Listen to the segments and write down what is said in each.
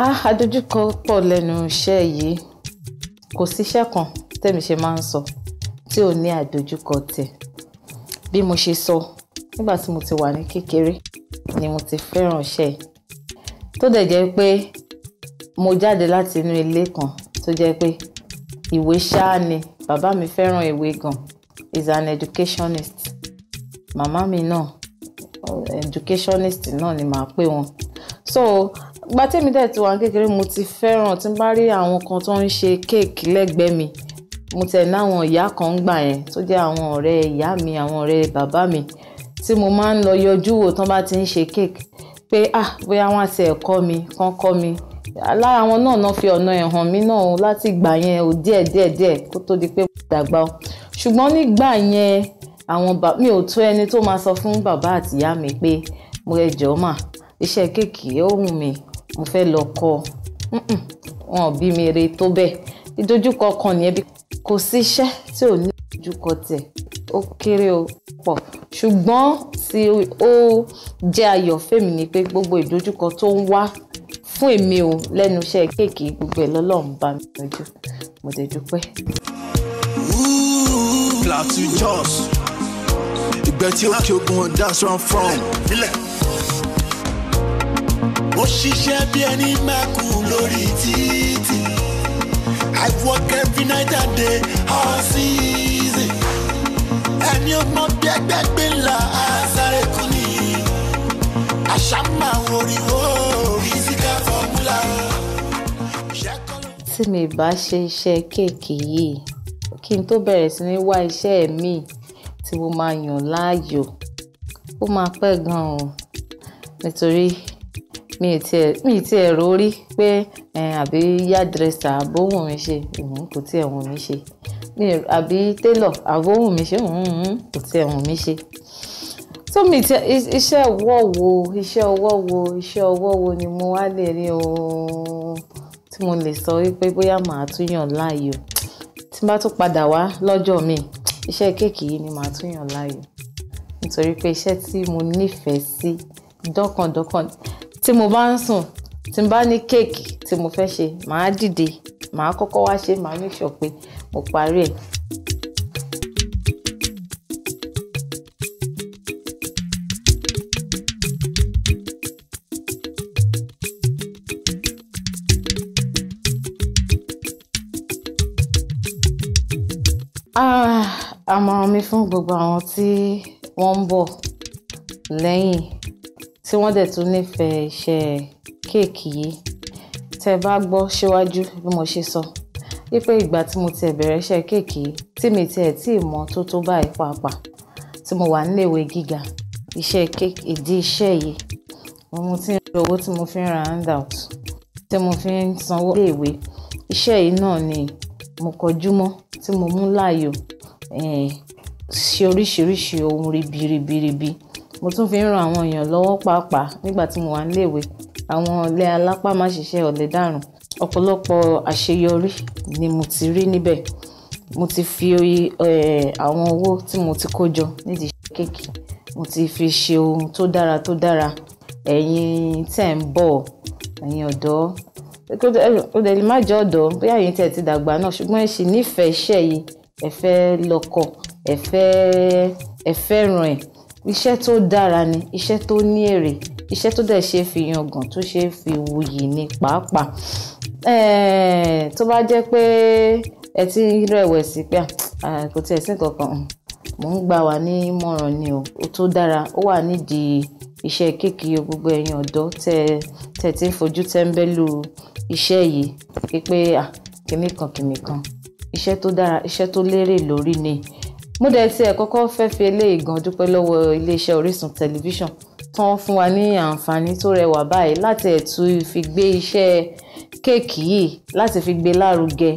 ah àdojúkọ pọ̀ lẹ́nu iṣẹ́ yìí kò síṣẹ́ kan tẹ̀mí ṣe máa ń sọ tí ò ní àdojúkọ tẹ̀ bí mo ṣe sọ nígbà tí mo ti wà ní kékeré ni mo ti fẹ́ràn iṣẹ́ yìí tó dẹ̀ jẹ́ pé mo jáde láti inú ilé kan tó jẹ́ pé ìwé ṣáá ni bàbá mi fẹ́ràn ìwé gan is an educationist màmá mi náà educationist náà ni màá pè wọn so gba tèmi dẹ̀ ti wà ní kékeré mo ti fẹ́ràn tí n bá rí àwọn kan tó ń ṣe kéèkì lẹ́gbẹ̀ẹ́ mi mo tẹ̀ ní àwọn ìyá kan ń gbà yẹn tó jẹ́ àwọn ọ̀rẹ́ ìyá mi àwọn ọ̀rẹ́ bàbá mi tí mo máa ń lọ yọjú wò tán bá ti ń ṣe kéèkì pé ah bóyá wọ́n á ti ẹ̀kọ́ mi kán kọ́ mi lára wọn náà náà fi ọ̀nà ẹ̀ hàn mí náà o láti gbà yẹn o díẹ̀ díẹ̀ díẹ̀ kó tó di pé dàgbà o ṣùgbọ́n nígbà yẹn àwọn bàbá mi ò tó ẹni tó máa sọ fún bàbá àtìyá mi pé mo ẹ jọ̀ọ́ mà iṣẹ́ kéèkì ó wù mí mo fẹ́ lọ kọ́ wọn ò bí mi re tó bẹ́ẹ̀ ìdojúkọ kan nìyẹn bí kò sí iṣẹ́ tí ò ní ìdojúkọ tẹ̀ ó kéré o pọ̀ ṣùgbọ́n tí ó jẹ́ ayọ̀ fèmí ni pé gbogbo ìdojúkọ tó ń wá fún èmi o lẹ́nu iṣẹ́ kéèkì gbogbo ẹ̀ lọ́lọ́run bá mi yanjú mo dẹ̀ dúpẹ́. Plateau Jos ìgbẹ́ tí ó kí ogun that's where I'm from mo ṣiṣẹ́ bí ẹni máa kú lórí títì I work every night and day all season ẹni ọmọ bí ẹgbẹ́ gbé ńlá àṣàrẹ̀ kú ni àṣà máa ń oríwó physical formula. tí mi bá ṣe iṣẹ́ kéèkì yìí kí n tó bẹ̀rẹ̀ sí ní wá iṣẹ́ mi tí mo máa yàn láàyò ó máa pẹ́ gan-an nítorí mi ì tiẹ̀ mi ì tiẹ̀ rò rí pé àbí yádrẹ́sà àbóhùn mi ṣe kò tiẹ̀ wùn mí ṣe àbí télọ̀ àbóhùn mi ṣe kò tiẹ̀ wùn mí ṣe tó mi tiẹ̀ iṣẹ́ ọwọ́ wo iṣẹ́ ọwọ́ wo iṣẹ́ ọwọ́ wo ni mo wá lè rí ooo tí mo lè sọ wípé bóyá màá tún yàn láàyò tí n bá tún padà wá lọ́jọ́ mi iṣẹ́ kéèkì yìí ni màá tún yàn láàyò nítorí pé iṣẹ́ tí mo nífẹ̀ẹ́ sí dọ́kàndọ́kàn tí mo bá ń sùn tí n bá ní kéèkì tí mo fẹ́ ṣe màá dìde màá kọ́kọ́ wá ṣe màá make sure pé mo parí ẹ̀. àmọ̀ràn ah, mi fún gbogbo àwọn tí wọ́n ń bọ̀ lẹ́yìn tí wọ́n dẹ̀ tún nífẹ̀ẹ́ iṣẹ́ kéèkì yìí tẹ́ ẹ bá gbọ́ síwájú bí mo ṣe sọ wípé ìgbà tí mo tiẹ̀ bẹ̀rẹ̀ iṣẹ́ kéèkì yìí tí mi tiẹ̀ tí ì mọ̀ tó tó báyìí pàápàá tí mo wà níléèwé gíga iṣẹ́ kéèkì ìdí iṣẹ́ yìí mo ti ń lo owó tí mo fi ń ra handout tí mo fi ń sanwó léèwé iṣẹ́ yìí náà ni mo kọjú mọ́ tí mo mú láàyò ṣe oríṣiríṣi ohun ribiribiribi. Ribi, ribi mo tún fi ń ran àwọn èèyàn lọ́wọ́ pàápàá nígbà tí mo wà níléèwé àwọn ọ̀lẹ alápá má ṣiṣẹ́ ọ̀lẹ dàrùn ọ̀pọ̀lọpọ̀ àṣeyọrí ni mo ti rí níbẹ̀ mo ti fi àwọn owó tí mo ti kó jọ nídìí iṣẹ́ kéèkì mo ti fi ṣe ohun tó dára tó dára ẹ̀yin tẹ̀ ń bọ̀ ẹ̀yin ọ̀dọ́ ó dẹ̀ lè má jẹ́ ọ̀dọ́ bóyá ẹ̀yin tẹ̀ ti dàgbà náà ṣùgbọ́n ẹ ṣì nífẹ̀ẹ́ iṣẹ́ yìí ẹ fẹ́ lọ́kọ ẹ ẹ̀ iṣẹ́ tó dára ni iṣẹ́ tó ní èrè iṣẹ́ tó dẹ̀ ṣe fi yangàn tó ṣe fi wuyì ni pàápàá tó bá jẹ́ pé ẹ ti ń rẹ̀wẹ̀sì pé kò tiẹ̀ sí nǹkan mò ń gbà wá ní ìmọ̀ràn ni o ó tó dára ó wà nídìí iṣẹ́ kéèkì gbogbo ẹ̀yin ọ̀dọ́ tẹ tẹ ti ń fojú tẹ́ńbẹ́lú iṣẹ́ yìí pé kìnnìkan kìnnìkan iṣẹ́ tó dára iṣẹ́ tó lérè lórí ni mo dẹ̀ tiẹ̀ kọ́kọ́ fẹ́ fi eléyìí gan dúpẹ́ lọ́wọ́ iléeṣẹ́ Orísun tẹlifíṣàn tán fún wa ní àǹfààní tó rẹwà báyìí láti ẹ̀tú fi gbé iṣẹ́ kéèkì yìí láti fi gbé lárugẹ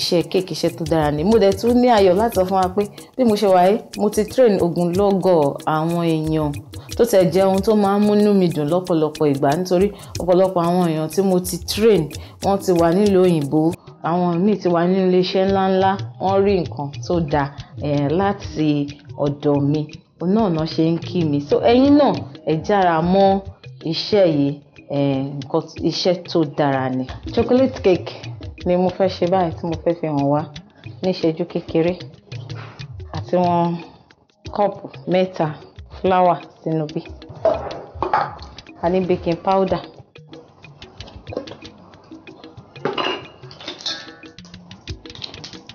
iṣẹ́ kéèkì iṣẹ́ tó dára ni mo dẹ̀ tún ní ayọ̀ láti sọ fún wa pé bí mo ṣe wáyé mo ti train ogunlọ́gọ̀ àwọn èèyàn tó tẹ̀ jẹ́ ohun tó máa ń múnú mi dùn lọ́pọ̀lọpọ̀ ìgbà nítorí ọ̀pọ̀lọpọ̀ àwọn èèyàn tí mo ti train wọ́n ti wà nílùú òyìnbó àwọn míì ti wà nínú iléeṣẹ́ ńláńlá wọ́n rí nǹkan tó dáa láti ọ̀dọ̀ mi òun náà náà ṣe ń kí mi so ẹ̀yin náà ẹ jára mọ́ iṣẹ́ yìí nǹkan iṣẹ́ tó dára ni. chocolate cake ni mo fẹ́ ṣe báyìí tí mo fẹ́ fi hàn wá ní ìṣẹ́jú kékeré àti wọn kọ́ọ̀pù mẹ́ta fúláwà sínú bí a ní baking powder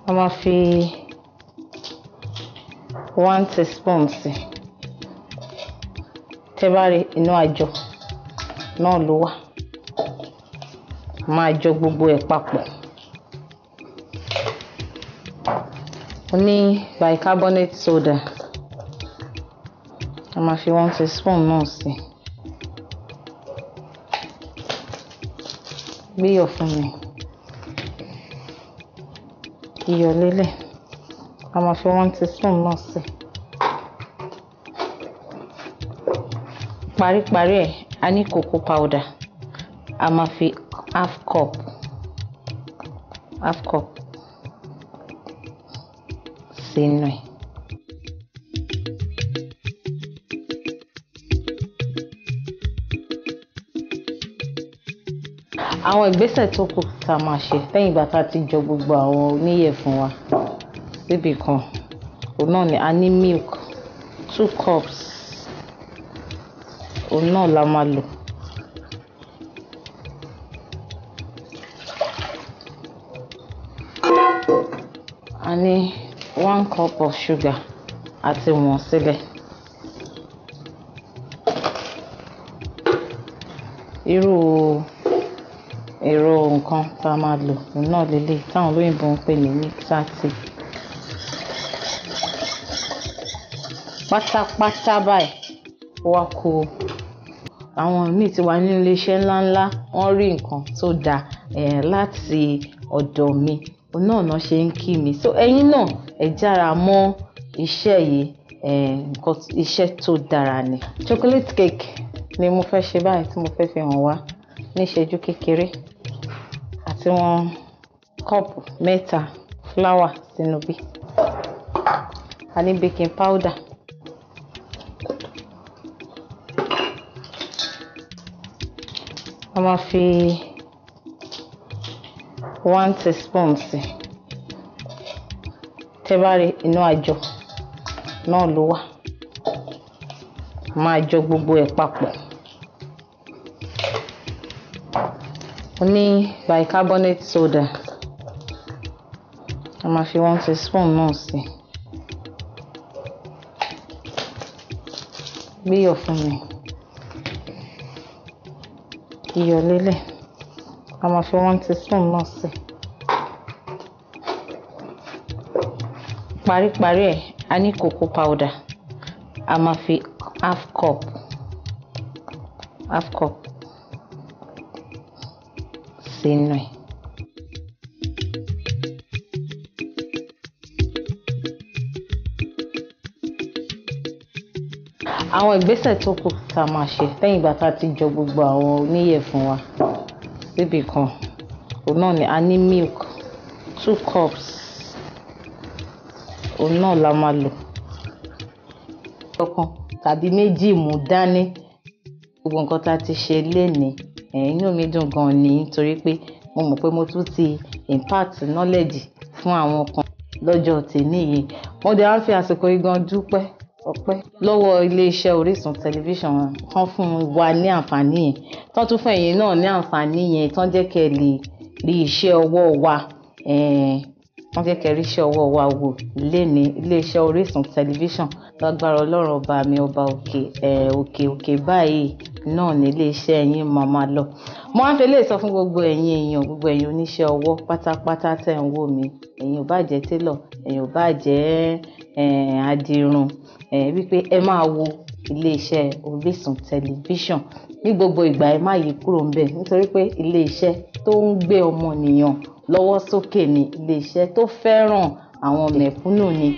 a máa fi one teaspoon sí tẹ́ bá rí inú àjọ náà ló wà máa jọ gbogbo ẹ̀ papọ̀ mo ní bicarbonate soda a máa fi one teaspoon náà sí gbéyọ̀ fún mi iyọ̀ lélẹ̀ a máa fi one teaspoon náà sí paríparí ẹ̀ a ní cocoa powder a máa fi half cup half cup sínú ẹ̀ àwọn ìgbésẹ̀ tó kù tá a máa ṣe lẹ́yìn ìgbà tá a ti jọ gbogbo àwọn oníyẹ̀fun wa síbì kan òun náà ni a ní milk two cups òun náà la máa lò. a ní one cup of sugar àti wọ̀n sílẹ̀. irú nǹkan tá a máa lò, òun náà leleyi táwọn olóyìnbo ń pè ní mixer Pátápátá báyìí ó wá ku àwọn mìí tí wà nínú ilé iṣẹ́ ńlá ńlá wọ́n rí nǹkan tó da eh láti ọ̀dọ̀ mi, òun náà ni wọ́n ṣe ń kí mi. So ẹyin náà ẹ jára mọ́ iṣẹ́ yìí, eh nǹkan iṣẹ́ tó dára ni. Chocolate cake ni mo fẹ́ ṣe báyìí tí mo fẹ́ fi hàn wá ní ìṣẹ́jú kékeré tí wọ́n kọ́ọ̀pù mẹ́ta flour sínú bí a ní baking powder a máa fi one teaspoon sí tẹ́ bá rí inú àjọ náà ló wà máa jọ gbogbo ẹ̀ papọ̀. mo ní bicarbonate soda a máa fi one teaspoon náà sí gbé iyọ̀ fún mi iyọ̀ lélẹ̀ a máa fi one teaspoon náà sí paríparí ẹ̀ a ní cocoa powder a máa fi half cup half cup ṣe ń nà ẹ́. àwọn ìgbésẹ̀ tó kù tá máa ṣe lẹ́yìn ìgbà tá a ti jọ gbogbo àwọn oníyẹ̀fun wa síbì kan òun náà ni a ní milk two cups òun náà la máa lò ọ̀kan tàbí méjì mú dání gbogbo nǹkan tá a ti ṣe lénìí inú mi dùn gan ni nítorí pé mo mọ̀ pé mo tún ti impact knowledge fún àwọn kan lọ́jọ́ tèmi yìí. Mo dẹ̀ wá ń fi àsìkò yìí gan dúpẹ́ ọpẹ́ lọ́wọ́ ilé-iṣẹ́ Orísun tẹlifíṣàn tán fún wa ní àǹfààní yẹn, tán tún fún ẹ̀yin náà ní àǹfààní yẹn, tán jẹ́ kí ẹ lè rí iṣẹ́ ọwọ́ wa, tán jẹ́ kí ẹ rí iṣẹ́ ọwọ́ wa wò léni ilé Orísun tẹlifíṣàn lágbára Ọlọ́run ọba mi, ọba òkè, òkè òkè báyìí náà ni ilé-iṣẹ́ yín máa máa lọ. Mo wá ń fi eléyìí sọ fún gbogbo ẹ̀yin èèyàn, gbogbo ẹ̀yin oníṣẹ́ ọwọ́ pátápátá tẹ̀ ń wò mí. Ẹ̀yin ò bá jẹ́ tailor, ẹ̀yin ò bá jẹ́, adirun, ẹ́, wípé ẹ máa wo ilé-iṣẹ́ Orísun tẹlifíṣàn. Ni gbogbo ìgbà ẹ má yí kúrò níbẹ̀ nítorí pé ilé-iṣẹ́ tó ń gbé ọmọnìyàn lọ́wọ́ sókè ni, ilé tó fẹ́ràn àwọn mẹ̀kúnnù ni.